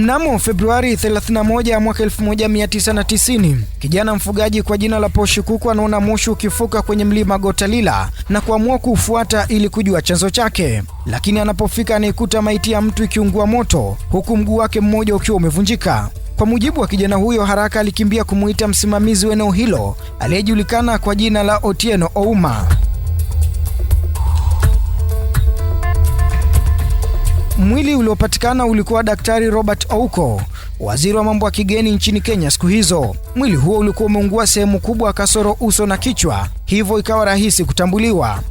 Mnamo Februari 31 mwaka 1990, kijana mfugaji kwa jina la Poshi Kuku anaona moshi ukifuka kwenye mlima Gotalila na kuamua kuufuata ili kujua chanzo chake, lakini anapofika anaikuta maiti ya mtu ikiungua moto huku mguu wake mmoja ukiwa umevunjika. Kwa mujibu wa kijana huyo, haraka alikimbia kumuita msimamizi wa eneo hilo aliyejulikana kwa jina la Otieno Ouma. Mwili uliopatikana ulikuwa Daktari Robert Ouko, waziri wa mambo ya kigeni nchini Kenya siku hizo. Mwili huo ulikuwa umeungua sehemu kubwa, kasoro uso na kichwa, hivyo ikawa rahisi kutambuliwa.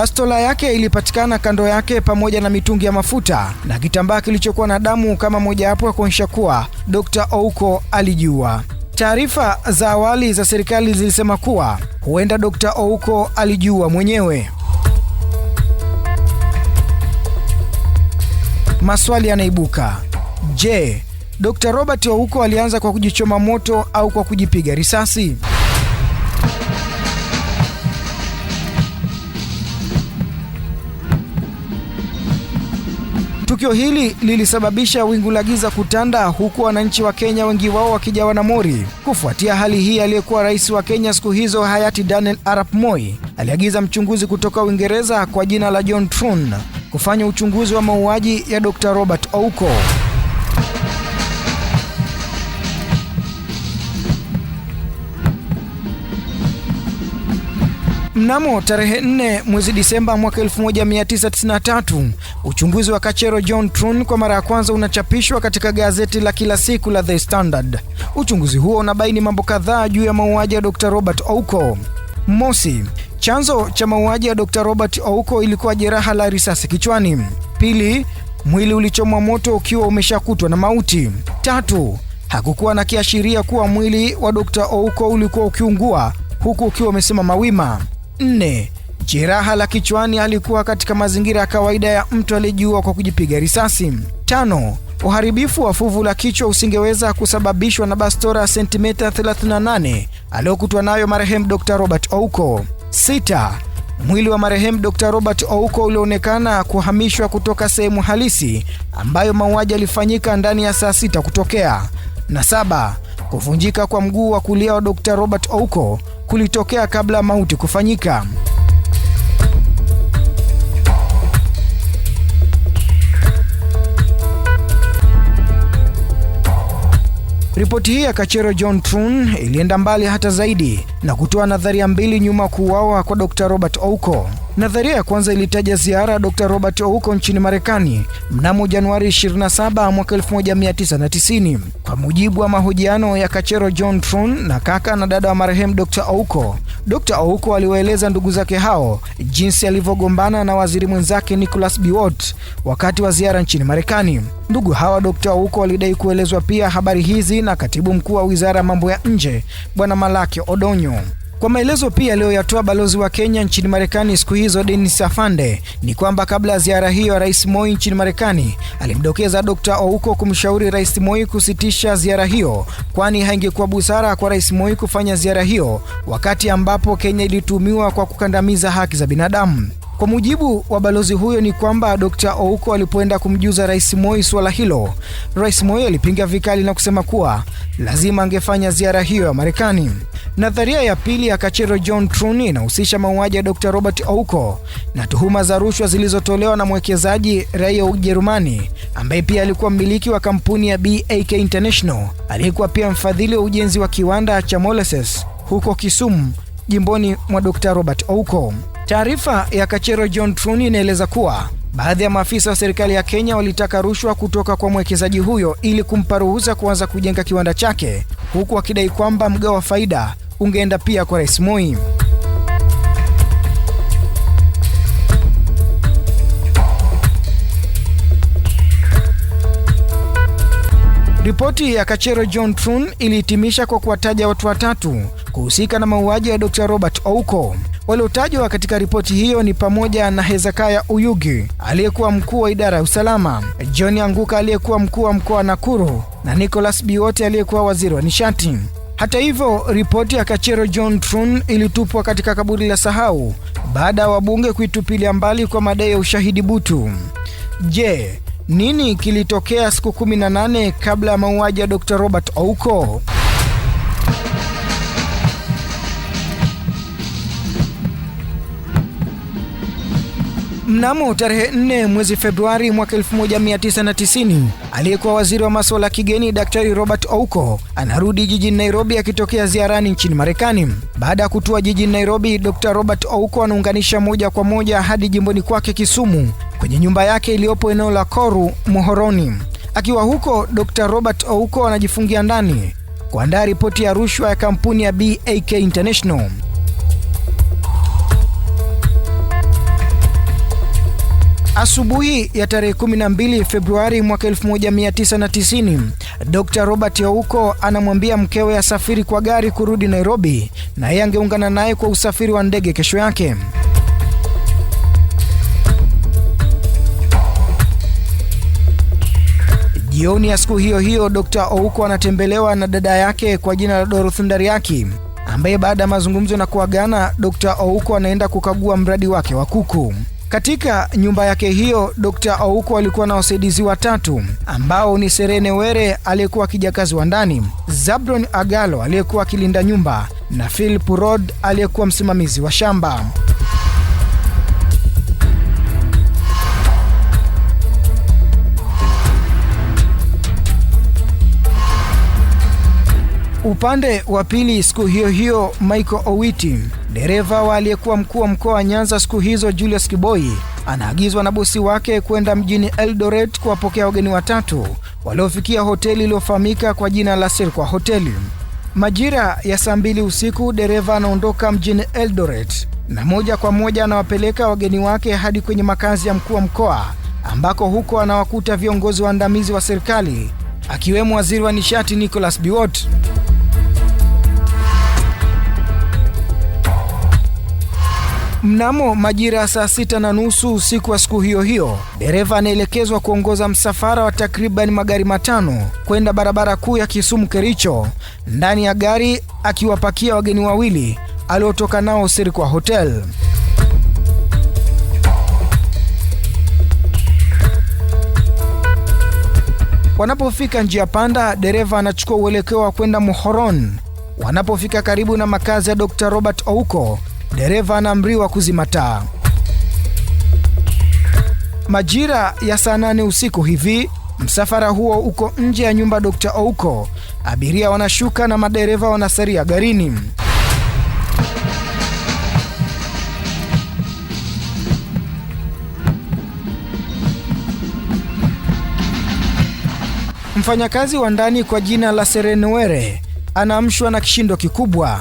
Bastola yake ilipatikana kando yake pamoja na mitungi ya mafuta na kitambaa kilichokuwa na damu kama mojawapo ya kuonyesha kuwa Dr. Ouko alijua. Taarifa za awali za serikali zilisema kuwa huenda Dr. Ouko alijua mwenyewe. Maswali yanaibuka. Je, Dr. Robert Ouko alianza kwa kujichoma moto au kwa kujipiga risasi? Tukio hili lilisababisha wingu la giza kutanda, huku wananchi wa Kenya wengi wao wakijawa na mori. Kufuatia hali hii, aliyekuwa rais wa Kenya siku hizo hayati Daniel Arap Moi aliagiza mchunguzi kutoka Uingereza kwa jina la John Trun kufanya uchunguzi wa mauaji ya Dr. Robert Ouko. Mnamo tarehe 4 mwezi Disemba mwaka 1993, uchunguzi wa Kachero John Trun kwa mara ya kwanza unachapishwa katika gazeti la kila siku la The Standard. Uchunguzi huo unabaini mambo kadhaa juu ya mauaji ya Dr. Robert Ouko. Mosi, chanzo cha mauaji ya Dr. Robert Ouko ilikuwa jeraha la risasi kichwani. Pili, mwili ulichomwa moto ukiwa umeshakutwa na mauti. Tatu, hakukuwa na kiashiria kuwa mwili wa Dr. Ouko ulikuwa ukiungua huku ukiwa umesimama wima nne. Jeraha la kichwani alikuwa katika mazingira ya kawaida ya mtu aliyejiua kwa kujipiga risasi. Tano, uharibifu wa fuvu la kichwa usingeweza kusababishwa na bastora ya sentimita 38 aliyokutwa nayo marehemu Dr. Robert Ouko. Sita, mwili wa marehemu Dr. Robert Ouko ulionekana kuhamishwa kutoka sehemu halisi ambayo mauaji yalifanyika ndani ya saa sita kutokea. Na saba, kuvunjika kwa mguu wa kulia wa Dr. Robert Ouko kulitokea kabla mauti kufanyika. Ripoti hii ya Kachero John Trun ilienda mbali hata zaidi na kutoa nadharia mbili nyuma kuuawa kwa Dr. Robert Ouko. Nadharia ya kwanza ilitaja ziara ya Dr. Robert Ouko nchini Marekani mnamo Januari 27 mwaka 1990. Kwa mujibu wa mahojiano ya Kachero John Tron na kaka na dada wa marehemu Dr. Ouko, Dr. Ouko aliwaeleza ndugu zake hao jinsi alivyogombana na waziri mwenzake Nicholas Biwott wakati wa ziara nchini Marekani. Ndugu hawa Dr. Ouko walidai kuelezwa pia habari hizi na katibu mkuu wa Wizara ya Mambo ya Nje Bwana Malaki Odonyo wenu. Kwa maelezo pia aliyoyatoa balozi wa Kenya nchini Marekani siku hizo Denis Afande ni kwamba kabla ya ziara hiyo ya Rais Moi nchini Marekani, alimdokeza Dr. Ouko kumshauri Rais Moi kusitisha ziara hiyo, kwani haingekuwa busara kwa Rais Moi kufanya ziara hiyo wakati ambapo Kenya ilitumiwa kwa kukandamiza haki za binadamu. Kwa mujibu wa balozi huyo ni kwamba Dr. Ouko alipoenda kumjuza Rais Moi suala hilo, Rais Moi alipinga vikali na kusema kuwa lazima angefanya ziara hiyo ya Marekani. Nadharia ya pili ya Kachero John trun inahusisha mauaji ya Dr. Robert Ouko na tuhuma za rushwa zilizotolewa na mwekezaji raia wa Ujerumani ambaye pia alikuwa mmiliki wa kampuni ya BAK International aliyekuwa pia mfadhili wa ujenzi wa kiwanda cha Moleses huko Kisumu, jimboni mwa Dr. Robert Ouko. Taarifa ya Kachero John Truni inaeleza kuwa baadhi ya maafisa wa serikali ya Kenya walitaka rushwa kutoka kwa mwekezaji huyo ili kumpa ruhusa kuanza kujenga kiwanda chake, huku wakidai kwamba mgao wa faida ungeenda pia kwa Rais Moi. Ripoti ya Kachero John Trun ilihitimisha kwa kuwataja watu watatu kuhusika na mauaji ya Dr. Robert Ouko. Waliotajwa katika ripoti hiyo ni pamoja na hezekaya Uyugi aliyekuwa mkuu wa idara ya usalama, John Anguka aliyekuwa mkuu wa mkoa wa Nakuru na Nicholas Biwote aliyekuwa waziri wa nishati. Hata hivyo, ripoti ya Kachero John Trun ilitupwa katika kaburi la sahau baada ya wabunge kuitupilia mbali kwa madai ya ushahidi butu. Je, nini kilitokea siku 18 kabla ya mauaji ya Dr. Robert Ouko? Mnamo tarehe 4 mwezi Februari mwaka 1990, aliyekuwa waziri wa masuala ya kigeni Daktari Robert Ouko anarudi jijini Nairobi akitokea ziarani nchini Marekani. Baada ya kutua jijini Nairobi, Dr. Robert Ouko anaunganisha moja kwa moja hadi jimboni kwake Kisumu kwenye nyumba yake iliyopo eneo la Koru Muhoroni. Akiwa huko, Dr. Robert Ouko anajifungia ndani kuandaa ripoti ya rushwa ya kampuni ya BAK International. Asubuhi ya tarehe 12 Februari mwaka 1990, Dr. Robert Ouko anamwambia mkewe asafiri kwa gari kurudi Nairobi na yeye angeungana naye kwa usafiri wa ndege kesho yake. Jioni ya siku hiyo hiyo, Dr. Ouko anatembelewa na dada yake kwa jina la Dorothy Ndariaki ambaye baada ya mazungumzo na kuagana, Dr. Ouko anaenda kukagua mradi wake wa kuku. Katika nyumba yake hiyo, Dr. Ouko alikuwa na wasaidizi watatu ambao ni Serene Were aliyekuwa kijakazi wa ndani, Zabron Agalo aliyekuwa akilinda nyumba na Philip Rod aliyekuwa msimamizi wa shamba. Upande wa pili, siku hiyo hiyo, Michael Owiti, dereva wa aliyekuwa mkuu wa mkoa wa Nyanza siku hizo Julius Kiboi, anaagizwa na bosi wake kwenda mjini Eldoret kuwapokea wageni watatu waliofikia hoteli iliyofahamika kwa jina la serkwa Hoteli. Majira ya saa mbili usiku dereva anaondoka mjini Eldoret na moja kwa moja anawapeleka wageni wake hadi kwenye makazi ya mkuu wa mkoa ambako huko anawakuta viongozi waandamizi wa serikali akiwemo waziri wa nishati Nicholas Biwott. Mnamo majira ya saa sita na nusu usiku wa siku hiyo hiyo, dereva anaelekezwa kuongoza msafara wa takriban magari matano kwenda barabara kuu ya Kisumu Kericho, ndani ya gari akiwapakia wageni wawili aliotoka nao kwa Hotel. Wanapofika njia panda, dereva anachukua uelekeo wa kwenda Muhoron. Wanapofika karibu na makazi ya Dr. Robert Ouko dereva anaamriwa kuzima taa. Majira ya saa nane usiku hivi msafara huo uko nje ya nyumba Dr. Ouko. Abiria wanashuka na madereva wanasaria garini. Mfanyakazi wa ndani kwa jina la Serenwere anaamshwa na kishindo kikubwa.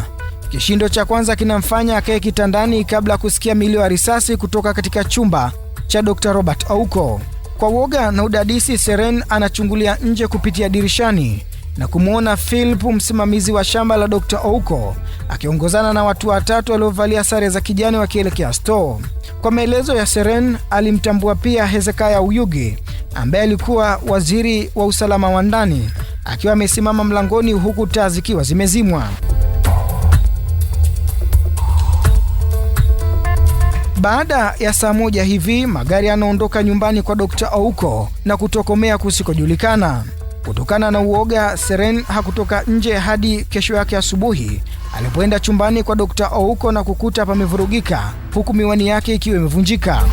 Kishindo cha kwanza kinamfanya akae kitandani kabla ya kusikia milio ya risasi kutoka katika chumba cha Dr. Robert Ouko. Kwa woga na udadisi, Seren anachungulia nje kupitia dirishani na kumwona Philip, msimamizi wa shamba la Dr. Ouko, akiongozana na watu watatu waliovalia sare za kijani wakielekea store. Kwa maelezo ya Seren, alimtambua pia hezekaya Uyugi ambaye alikuwa waziri wa usalama wa ndani, akiwa amesimama mlangoni huku taa zikiwa zimezimwa. Baada ya saa moja hivi magari yanaondoka nyumbani kwa Dr. Ouko na kutokomea kusikojulikana. Kutokana na uoga, Seren hakutoka nje hadi kesho yake asubuhi alipoenda chumbani kwa Dr. Ouko na kukuta pamevurugika, huku miwani yake ikiwa imevunjika.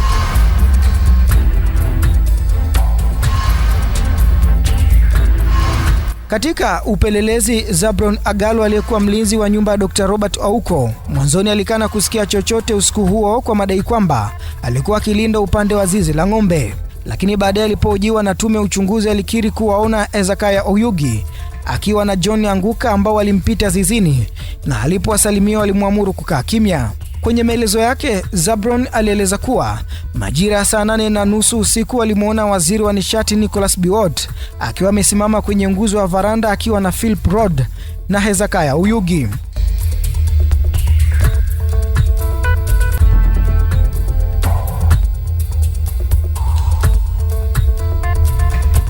Katika upelelezi, Zabron Agalo aliyekuwa mlinzi wa nyumba ya Dr. Robert Ouko mwanzoni alikana kusikia chochote usiku huo kwa madai kwamba alikuwa akilinda upande wa zizi la ng'ombe, lakini baadaye alipohojiwa na tume ya uchunguzi alikiri kuwaona Ezakaya Oyugi akiwa na John Anguka ambao walimpita zizini na alipowasalimia walimwamuru kukaa kimya. Kwenye maelezo yake, Zabron alieleza kuwa majira ya saa nane na nusu usiku alimwona waziri wa nishati Nicholas Biwott akiwa amesimama kwenye nguzo ya varanda akiwa na Philip Rod na Hezekiah Uyugi.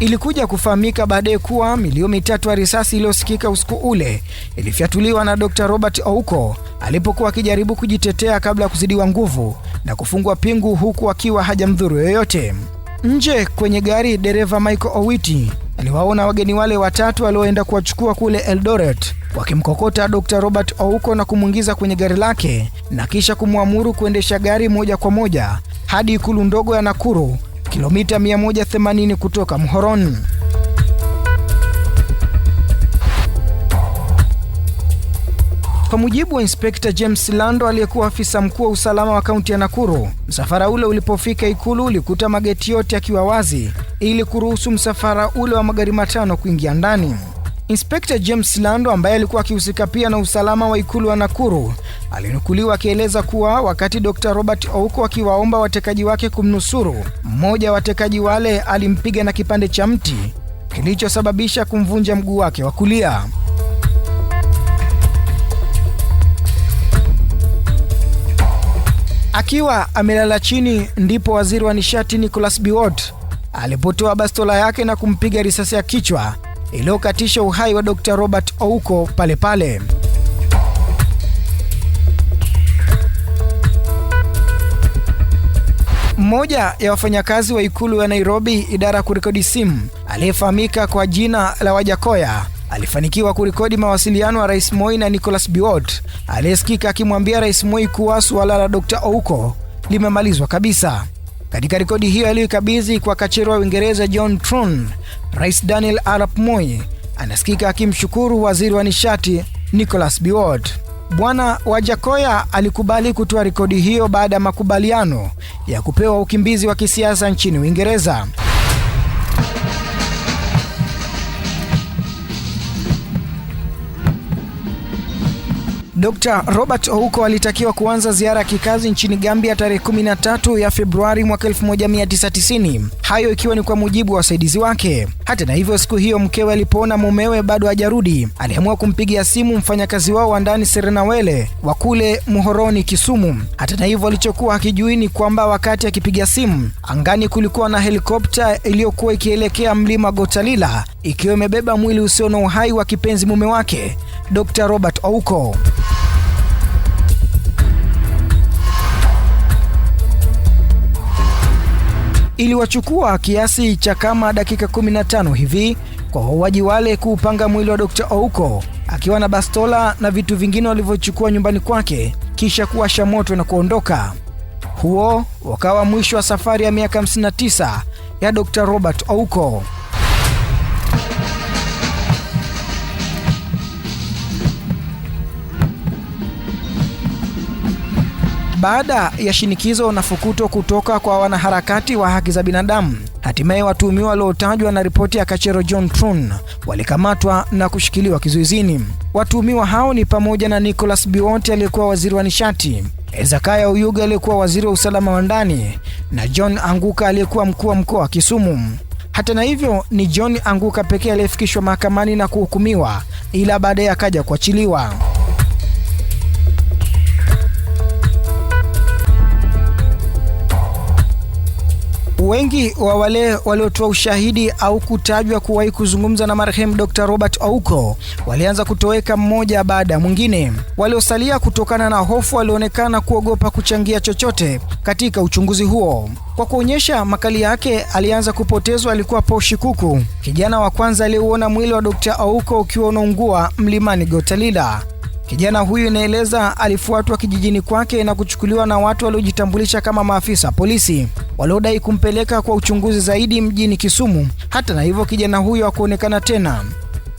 Ilikuja kufahamika baadaye kuwa milio mitatu ya risasi iliyosikika usiku ule ilifyatuliwa na Dr. Robert Ouko alipokuwa akijaribu kujitetea kabla ya kuzidiwa nguvu na kufungwa pingu huku akiwa hajamdhuru yoyote. Nje kwenye gari, dereva Michael Owiti aliwaona wageni wale watatu walioenda kuwachukua kule Eldoret wakimkokota Dr. Robert Ouko na kumwingiza kwenye gari lake na kisha kumwamuru kuendesha gari moja kwa moja hadi ikulu ndogo ya Nakuru kilomita 180 kutoka Mhoron. Kwa mujibu wa Inspekta James Lando aliyekuwa afisa mkuu wa usalama wa kaunti ya Nakuru, msafara ule ulipofika Ikulu ulikuta mageti yote yakiwa wazi ili kuruhusu msafara ule wa magari matano kuingia ndani. Inspekta James Lando ambaye alikuwa akihusika pia na usalama wa ikulu wa Nakuru alinukuliwa akieleza kuwa wakati Dr. Robert Ouko akiwaomba watekaji wake kumnusuru, mmoja wa watekaji wale alimpiga na kipande cha mti kilichosababisha kumvunja mguu wake wa kulia. Akiwa amelala chini ndipo waziri wa nishati Nicholas Biwott alipotoa bastola yake na kumpiga risasi ya kichwa iliyokatisha uhai wa Dr. Robert Ouko pale pale. Mmoja ya wafanyakazi wa ikulu ya Nairobi, idara ya kurekodi simu, aliyefahamika kwa jina la Wajakoya alifanikiwa kurekodi mawasiliano ya Rais Moi na Nicholas Biwott, aliyesikika akimwambia Rais Moi kuwa suala la Dr. Ouko limemalizwa kabisa. Katika rekodi hiyo aliyoikabidhi kwa kachero wa Uingereza John Trun, Rais Daniel Arap Moi anasikika akimshukuru waziri wa nishati Nicholas Biwott. Bwana Wajakoya alikubali kutoa rekodi hiyo baada ya makubaliano ya kupewa ukimbizi wa kisiasa nchini Uingereza. Dr. Robert Ouko alitakiwa kuanza ziara ya kikazi nchini Gambia tarehe 13 ya Februari mwaka 1990, hayo ikiwa ni kwa mujibu wa wasaidizi wake. Hata na hivyo, siku hiyo mkewe alipoona mumewe bado hajarudi, aliamua kumpigia simu mfanyakazi wao wa ndani Serena Wele wa kule Muhoroni, Kisumu. Hata na hivyo, alichokuwa hakijui ni kwamba wakati akipiga simu, angani kulikuwa na helikopta iliyokuwa ikielekea mlima Gotalila ikiwa imebeba mwili usio na uhai wa kipenzi mume wake Dr. Robert Ouko. Iliwachukua kiasi cha kama dakika 15 hivi kwa wauaji wale kuupanga mwili wa Dr. Ouko akiwa na bastola na vitu vingine walivyochukua nyumbani kwake kisha kuwasha moto na kuondoka. Huo wakawa mwisho wa safari ya miaka 59 ya Dr. Robert Ouko. baada ya shinikizo na fukuto kutoka kwa wanaharakati wa haki za binadamu, hatimaye watuhumiwa waliotajwa na ripoti ya Kachero John Trun walikamatwa na kushikiliwa kizuizini. Watuhumiwa hao ni pamoja na Nicholas Biwott aliyekuwa waziri wa nishati, ezakaya Uyuga aliyekuwa waziri wa usalama wa ndani na John Anguka aliyekuwa mkuu wa mkoa wa Kisumu. Hata na hivyo ni John Anguka pekee aliyefikishwa mahakamani na kuhukumiwa, ila baadaye akaja kuachiliwa. Wengi wa wale waliotoa ushahidi au kutajwa kuwahi kuzungumza na marehemu Dr. Robert Ouko walianza kutoweka mmoja baada ya mwingine. Waliosalia kutokana na hofu walionekana kuogopa kuchangia chochote katika uchunguzi huo. Kwa kuonyesha makali yake alianza kupotezwa alikuwa Poshi Shikuku, kijana wa kwanza aliyeuona mwili wa Dr. Ouko ukiwa unaungua mlimani Gotalila. Kijana huyu inaeleza alifuatwa kijijini kwake na kuchukuliwa na watu waliojitambulisha kama maafisa polisi waliodai kumpeleka kwa uchunguzi zaidi mjini Kisumu. Hata na hivyo, kijana huyo hakuonekana tena.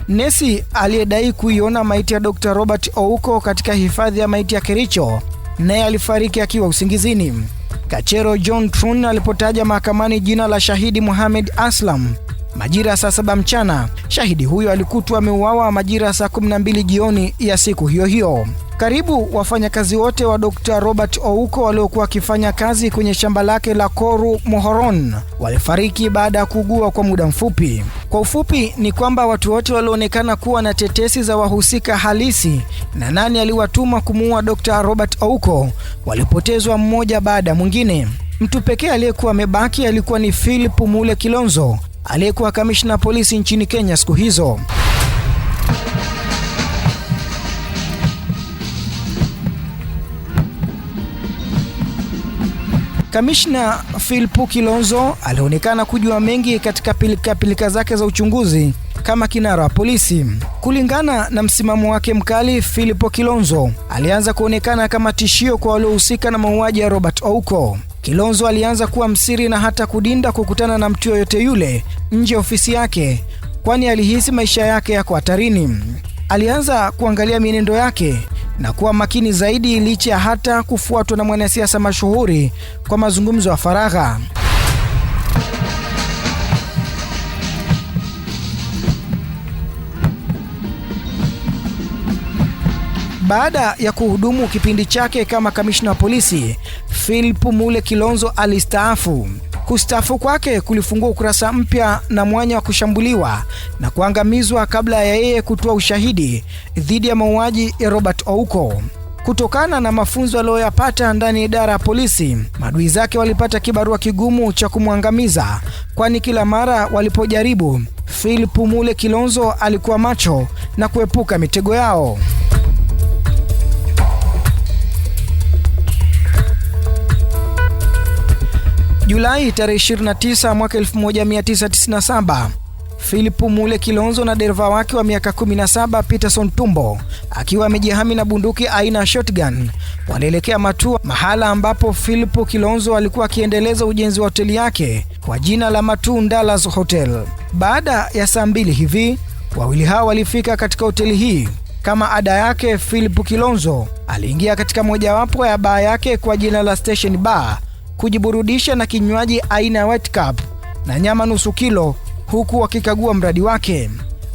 Nesi aliyedai kuiona maiti ya Dr. Robert Ouko katika hifadhi ya maiti ya Kericho naye alifariki akiwa usingizini. Kachero John Trun alipotaja mahakamani jina la shahidi Muhammad Aslam Majira ya saa saba mchana, shahidi huyo alikutwa ameuawa majira ya saa 12 jioni ya siku hiyo hiyo. Karibu wafanyakazi wote wa Dr. Robert Ouko waliokuwa wakifanya kazi kwenye shamba lake la Koru Mohoron walifariki baada ya kuugua kwa muda mfupi. Kwa ufupi ni kwamba watu wote walioonekana kuwa na tetesi za wahusika halisi na nani aliwatuma kumuua Dr. Robert Ouko walipotezwa mmoja baada mwingine. Mtu pekee aliyekuwa amebaki alikuwa ni Philip Mule Kilonzo aliyekuwa kamishna polisi nchini Kenya siku hizo. Kamishna Phil Kilonzo alionekana kujua mengi katika pilika pilika zake za uchunguzi kama kinara wa polisi. Kulingana na msimamo wake mkali, Philip Kilonzo alianza kuonekana kama tishio kwa waliohusika na mauaji ya Robert Ouko. Kilonzo alianza kuwa msiri na hata kudinda kukutana na mtu yoyote yule nje ya ofisi yake, kwani alihisi maisha yake yako hatarini. Alianza kuangalia mienendo yake na kuwa makini zaidi, licha ya hata kufuatwa na mwanasiasa mashuhuri kwa mazungumzo ya faragha. Baada ya kuhudumu kipindi chake kama kamishna wa polisi, Philip Mule Kilonzo alistaafu. Kustaafu kwake kulifungua ukurasa mpya na mwanya wa kushambuliwa na kuangamizwa kabla ya yeye kutoa ushahidi dhidi ya mauaji ya Robert Ouko. Kutokana na mafunzo aliyoyapata ndani ya idara ya polisi, maadui zake walipata kibarua kigumu cha kumwangamiza, kwani kila mara walipojaribu, Philip Mule Kilonzo alikuwa macho na kuepuka mitego yao. Julai tarehe 29 mwaka 1997, Philip Mule Kilonzo na dereva wake wa miaka 17 Peterson Tumbo akiwa amejihami na bunduki aina ya shotgun wanaelekea Matua, mahala ambapo Philip Kilonzo alikuwa akiendeleza ujenzi wa hoteli yake kwa jina la Matua Ndalas Hotel. Baada ya saa mbili hivi wawili hao walifika katika hoteli hii. Kama ada yake, Philip Kilonzo aliingia katika mojawapo ya baa yake kwa jina la Station Bar kujiburudisha na kinywaji aina ya cup na nyama nusu kilo, huku wakikagua mradi wake.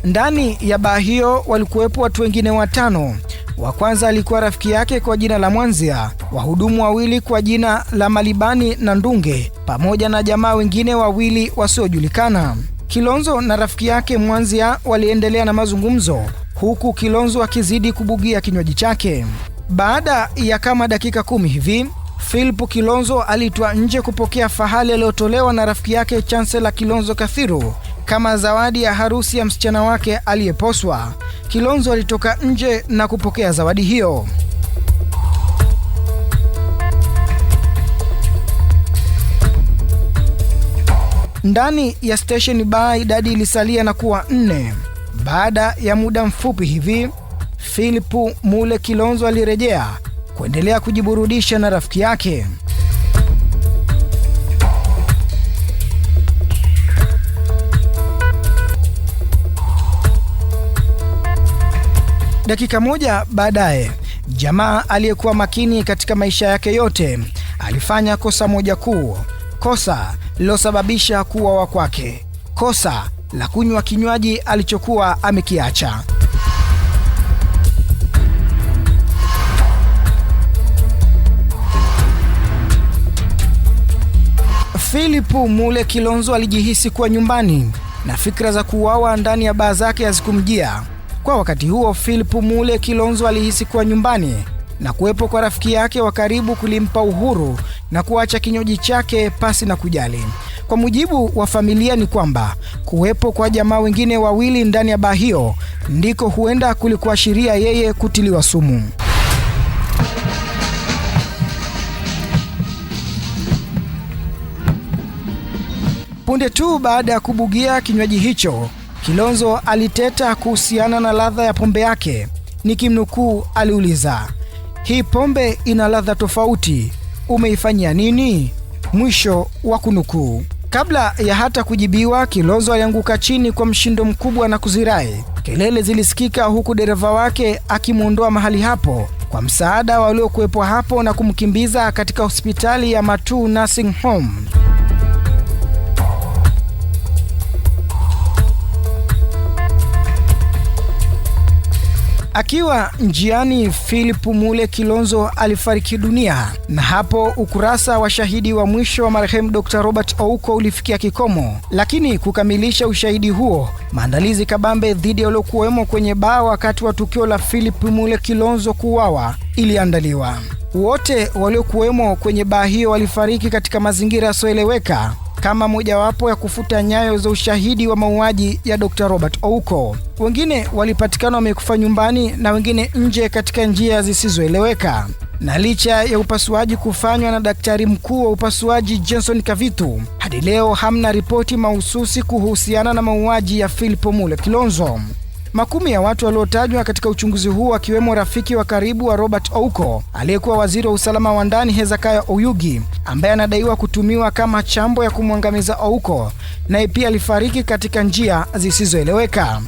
Ndani ya baa hiyo walikuwepo watu wengine watano. Wa kwanza alikuwa rafiki yake kwa jina la Mwanzia, wahudumu wawili kwa jina la Malibani na Ndunge, pamoja na jamaa wengine wawili wasiojulikana. Kilonzo na rafiki yake Mwanzia waliendelea na mazungumzo, huku Kilonzo akizidi kubugia kinywaji chake. Baada ya kama dakika kumi hivi Philip Kilonzo alitwa nje kupokea fahali aliyotolewa na rafiki yake chancela Kilonzo Kathiru kama zawadi ya harusi ya msichana wake aliyeposwa. Kilonzo alitoka nje na kupokea zawadi hiyo. Ndani ya station bar idadi ilisalia na kuwa nne. Baada ya muda mfupi hivi, Philip Mule Kilonzo alirejea kuendelea kujiburudisha na rafiki yake. Dakika moja baadaye, jamaa aliyekuwa makini katika maisha yake yote alifanya kosa moja kuu, kosa lilosababisha kuwawa kwake, kosa la kunywa kinywaji alichokuwa amekiacha. Philip Mule Kilonzo alijihisi kuwa nyumbani na fikra za kuuawa ndani ya baa zake hazikumjia. Kwa wakati huo, Philip Mule Kilonzo alihisi kuwa nyumbani na kuwepo kwa rafiki yake wa karibu kulimpa uhuru na kuacha kinywaji chake pasi na kujali. Kwa mujibu wa familia ni kwamba kuwepo kwa jamaa wengine wawili ndani ya baa hiyo ndiko huenda kulikuashiria yeye kutiliwa sumu. Punde tu baada ya kubugia kinywaji hicho, Kilonzo aliteta kuhusiana na ladha ya pombe yake. Nikimnukuu, aliuliza, hii pombe ina ladha tofauti, umeifanyia nini? Mwisho wa kunukuu. Kabla ya hata kujibiwa, Kilonzo alianguka chini kwa mshindo mkubwa na kuzirai. Kelele zilisikika huku dereva wake akimwondoa mahali hapo kwa msaada wa waliokuwepo hapo na kumkimbiza katika hospitali ya Matuu Nursing Home. Akiwa njiani, Philip Mule Kilonzo alifariki dunia, na hapo ukurasa wa shahidi wa mwisho wa marehemu Dr. Robert Ouko ulifikia kikomo. Lakini kukamilisha ushahidi huo, maandalizi kabambe dhidi ya waliokuwemo kwenye baa wakati wa tukio la Philip Mule Kilonzo kuuawa iliandaliwa. Wote waliokuwemo kwenye baa hiyo walifariki katika mazingira yasiyoeleweka kama mojawapo ya kufuta nyayo za ushahidi wa mauaji ya Dr. Robert Ouko. Wengine walipatikana wamekufa nyumbani na wengine nje katika njia zisizoeleweka. Na licha ya upasuaji kufanywa na daktari mkuu wa upasuaji Jenson Kavitu, hadi leo hamna ripoti mahususi kuhusiana na mauaji ya Philip Mule Kilonzo. Makumi ya watu waliotajwa katika uchunguzi huu akiwemo rafiki wa karibu wa Robert Ouko, aliyekuwa waziri wa usalama wa ndani Hezakaya Oyugi, ambaye anadaiwa kutumiwa kama chambo ya kumwangamiza Ouko, naye pia alifariki katika njia zisizoeleweka.